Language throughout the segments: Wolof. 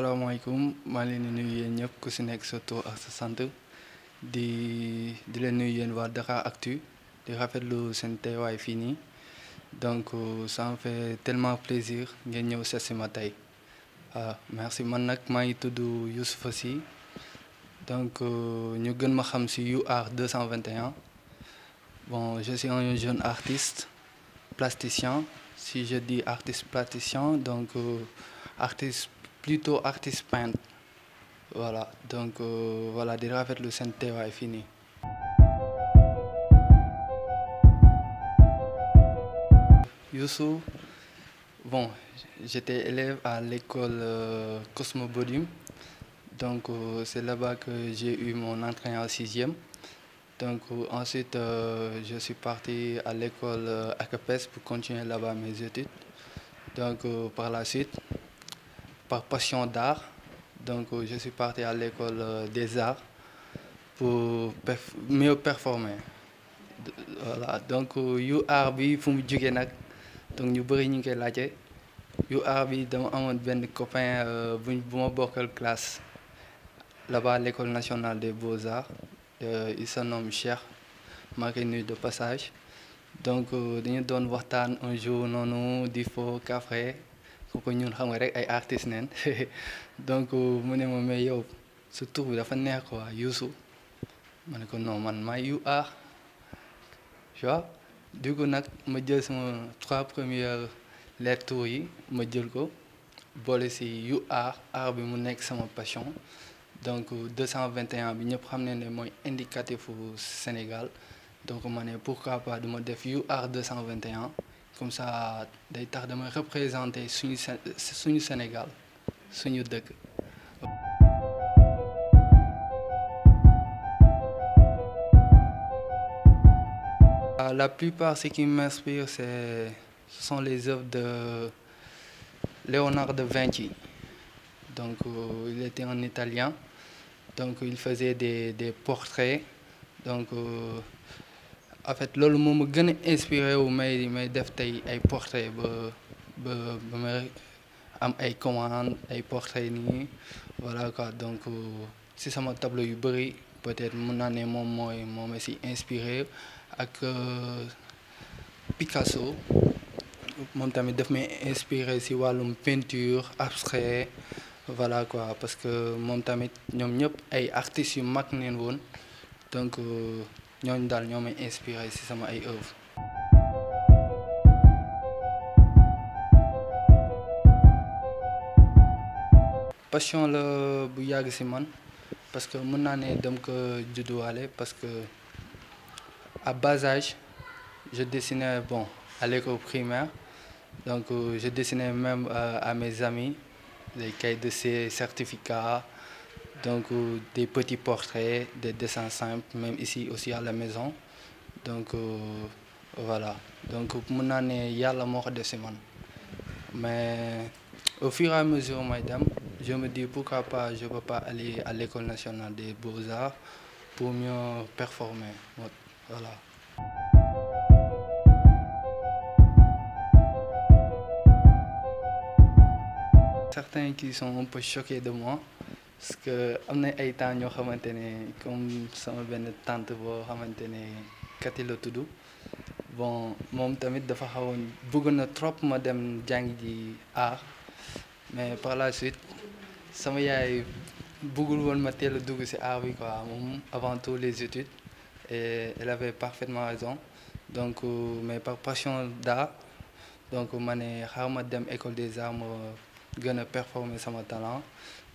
asalaamaaleykum maa leen nuyu yéen ñëpp ku si nek sa ak sa sant di di len nuyu yéen waa actu di rafetlu seen teewaay fii donc euh, ça me fait tellement plaisir ngeen ñëw ce si ma ah, merci man nak maa ngi tudd Youssoufa Sy donc euh, ñu gën ma xam si UR 221 bon je suis un jeune artiste plasticien si je dis artiste plasticien donc euh, artiste plutôt artiste peintre. Voilà, donc euh, voilà, déjà, le le saint est fini. Youssou, bon, j'étais élève à l'école euh, Cosmo Cosmobodium. Donc euh, c'est là-bas que j'ai eu mon entraînement en sixième. Donc ensuite, je suis parti à l'école ACAPES pour continuer là-bas mes études. Donc par la suite, par passion d'art. Donc euh, je suis parti à l'école euh, des arts pour mieux performer. voilà donc euh, yu avez bi fu mu donc ñu bëri ñu ngi koy you yu bi dama amone benn copain bu buma bokal classe là-bas à l'école nationale des beaux-arts il se nomme Cheikh de passage donc dañu doon waxtaan un jour non di fo café kooku ñun xam nga rek ay artistes neen donc mu ne ma mais yow sa tur bi dafa neex quoi Youssou ma ne ko non man maa yu ah tu vois du coup nag ma jël sama trois premières lettres tur yi ma jël ko boole si yu ah ah bi mu nekk sama passion donc 221 bi ñëpp xam ne ne mooy indicatif fu Sénégal donc ma ne pourquoi pas du ma def yu ah 221 comme ça day de me représenter sur le Sénégal nous de ah, La plupart ce qui m'inspire c'est ce sont les œuvres de Léonard de Vinci. Donc euh, il était en Italien. Donc il faisait des portraits. Donc euh, en fait loolu moma gëna inspiré wu may may def tay ay portrait ba ba ba ma am ay commande ay portrait ni voilà quoi donc euh, si sama tableau yu bëri peut-être mon naa ne moom mooy moo si inspiré ak euh, Picasso mon tamit daf may inspiré si walum peinture abstrait voilà quoi parce que mom tamit ñom ñëpp ay artistes yu mag neen donc euh, ñoñ dal ñomay inspiré ci sama ay œuvre passion la bu parce que mon année donc dem dois parce que à bas âge je dessinais bon à l'école primaire donc euh, je dessinais même euh, à mes amis les cahiers de ces certificats donc euh, des petits portraits, des dessins simples, même ici aussi à la maison. Donc euh, voilà, donc mon année, il y a la mort de Simone. mais au fur et à mesure madame, je me dis pourquoi pas je peux pas aller à l'école nationale des beaux-arts pour mieux performer voilà. Certains qui sont un peu choqués de moi parce que am ay temps ñoo xamante comme sama benn tante bo xamante ne tudu bon mom tamit dafa xawoon bëgg na trop ma dem jàng ji aar mais par la suite sama yaay bëggul won ma teel a dugg ci aar bi quoi mom avant tout les études et elle avait parfaitement raison donc euh, mais par passion d'art donc mané ne dem école des arts gëna performer sama talent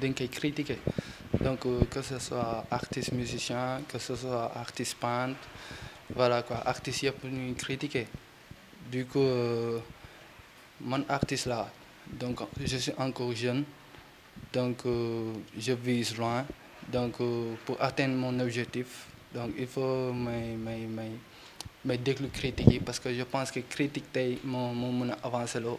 Donc, il critiquer donc euh, que ce soit artiste musicien que ce soit artiste peintre voilà quoi artiste pour nous critiquer du coup euh, mon artiste là donc je suis encore jeune donc euh, je vise loin donc pour atteindre mon objectif donc il faut me décritiquer parce que je pense que critiquer, mon mon mon l'eau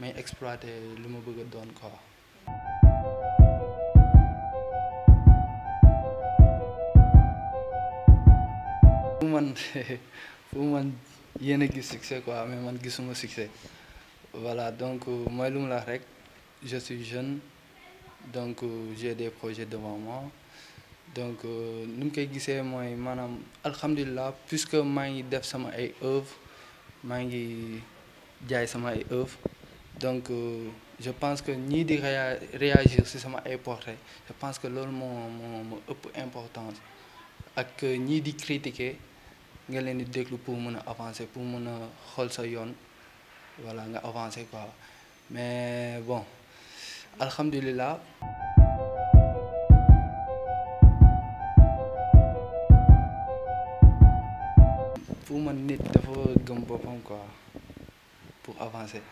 may exploité lu ma bëgg doon ko fu man fu man yéen a gis succès quoi mais man gisuma succès voilà donc euh, mooy lu la rek je suis jeune donc euh, j'ai des projet devant moi donc euh, nu mu koy gisee mooy maanaam alhamdulilah puisque maa ngi def sama ay œuvre maa ngi jaay sama ay œuvre donc euh, je pense que ni di réagir c'est ça m'a importé je pense que loolu mon moo ma ëpp importance ak ni euh, di critiquer nga leen di déglu pour mon avancer pour mon a sa voilà nga avancer quoi mais bon alhamdulillah pour man nit dafa gëm quoi pour avancer.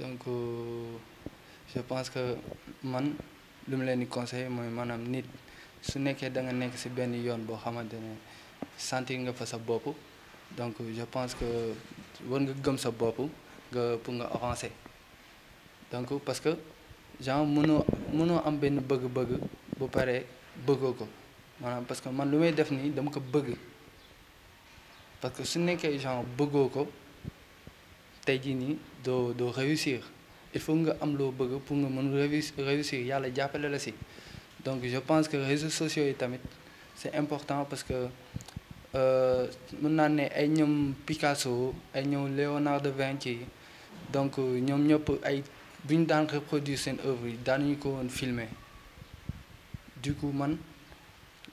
donc euh, je pense que man lu mu leen di conseil mooy maanaam nit su nekkee da nga nekk si benn yoon boo xamante ne sentir nga fa sa bopp donc je pense que war nga gëm sa bopp nga pour nga avancer donc parce que genre mënoo mënoo am benn bëgg-bëgg bu paree bëggoo ko maanaam parce que man lu def nii dama ko bëgg parce que su nekkee genre bëggoo ko de de réussir il faut que am loo bëgg pour nga mën réussir yàlla jàppale la donc je pense que les réseaux sociaux c'est important parce que euh, nous avons ne Picasso ay Leonardo Léonard Vinci donc nous euh, ñëpp ay reproduire seen œuvre yi daanuñu ko filmer du coup man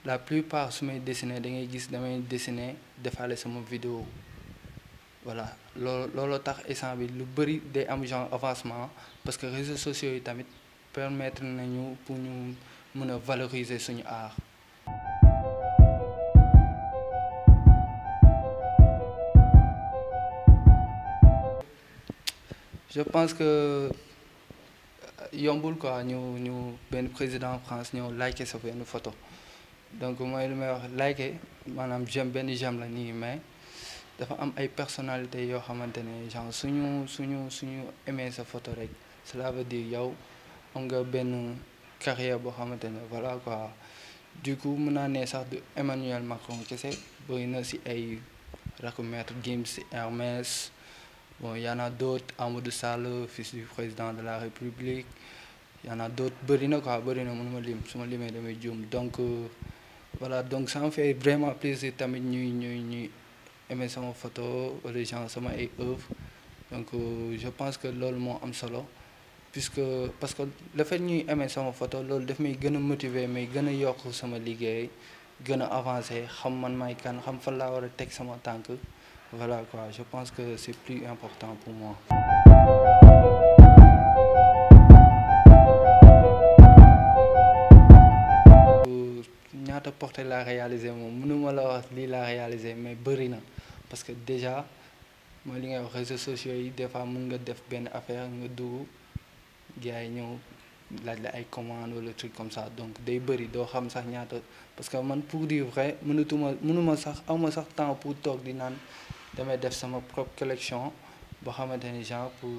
la plupart de mes dessiner da ngay gis damay dessiner defaale sama vidéo voilà lolo tax instant bi lu bari day am genre avancement parce que réseaux sociaux yi tamit permettre nañu pour ñu mën a valoriser suñu art. je pense que euh, yombul quoi ñu ñu benn président France ñëw liker sa benn photo donc mooy lu may wax liker maanaam j'aime benn j'aime la nii mais dafa am ay personnalité yoo xamante ne genre suñu suñu suñu aimé sa photo rek cela veut dire yow am nga benn carrière boo xamante ne voilà quoi du coup mën naa ne sax du Emmanuel Macron kese bëri na si ay rakk Games Gims Hermès bon y en a d'autres Amadou Sall fils du président de la République y en a d'autres bëri na quoi bëri na mënuma lim su ma limee damay juum donc euh, voilà donc ça me fait vraiment plaisir tamit ñuy ñuy ñuy aimé sama photo wala genre sama et œuvre donc euh, je pense que loolu mon am solo puisque parce que le fait que aimé sa photo loolu daf may gën a motiver may gën a yokk sama liggéey gën a avancer xam man may kan xam fan laa war a sama tànk voilà quoi je pense que c'est plus important pour moi ñaata portée la réaliser moom mënuma la réaliser mais bëri parce que déjà mon li ngay réseaux sociaux des fois mon nga def ben affaire nga dou gars yi la ay commande le truc comme ça donc des bëri doo xam sax ñaata parce que man pour dire vrai mënatuma mënuma sax awma sax temps pour toog di de mes def sama propre collection bah comme des gens pour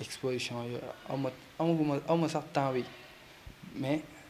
exposition yooyu awma amaguma awma sax temps mais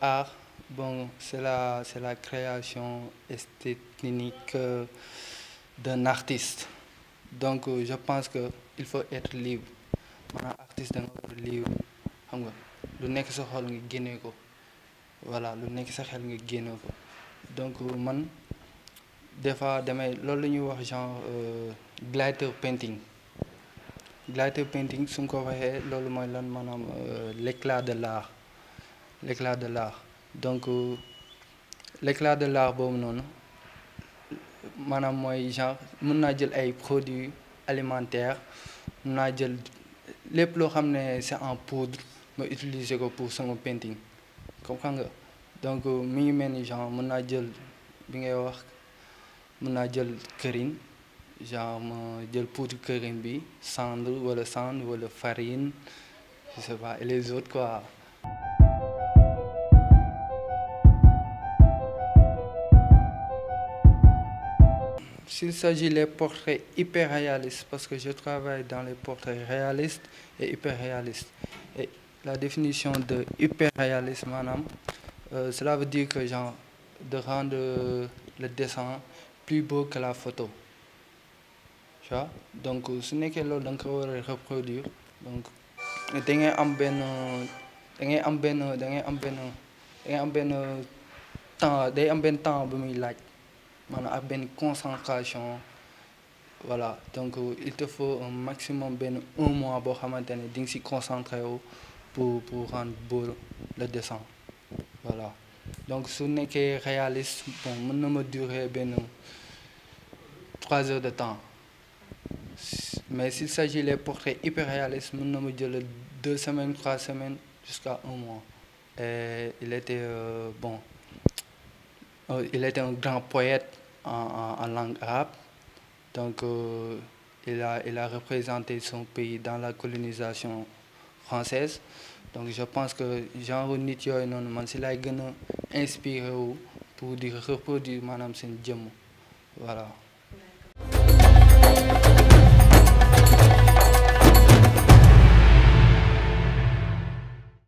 art bon c'est la c'est la création esthétique euh, d'un artiste donc euh, je pense que il faut être libre Un artiste doit être libre xam nga lu sa voilà le nekk sa xel donc euh, man des fois demain, loolu wax genre glitter painting glitter painting c'est ñu ko waxee lan maanaam l'éclat de l'art l'éclat de l'art donc euh, l'éclat de l'art bon non maanaam mooy genre mën naa jël ay produits alimentaires mën naa jël lépp loo xam c'est en poudre ma utiliser ko pour son painting comprends nga donc euh, mi ngi mel ni genre mën naa jël bi ngay wax mën naa jël këriñ genre ma jël poudre këriñ bi cendre wala cendre wala farine je sais pas et les autres quoi S'il s'agit des portraits hyper réalistes, parce que je travaille dans les portraits réalistes et hyper réalistes. Et la définition de hyper réaliste, madame, euh, cela veut dire que genre, de rendre le dessin plus beau que la photo. Donc, ce n'est que l'autre donc reproduire. Donc, y en un temps maanaam ak ben concentration voilà donc il te faut un maximum ben un mois bo xamante ding ci concentrer si pour pour rendre beau le dessin voilà donc n'est que réaliste bon mën me ma durer ben trois heures de temps mais s'il s'agit les portraits hyper réalistes mën na me deux semaines trois semaines jusqu'à un mois et il était euh, bon euh, il était un grand poète en, langue arabe. Donc, euh, il, a, représenté son pays dans la colonisation française. Donc, je pense que Jean René non et non inspiré pour reproduire Mme voilà.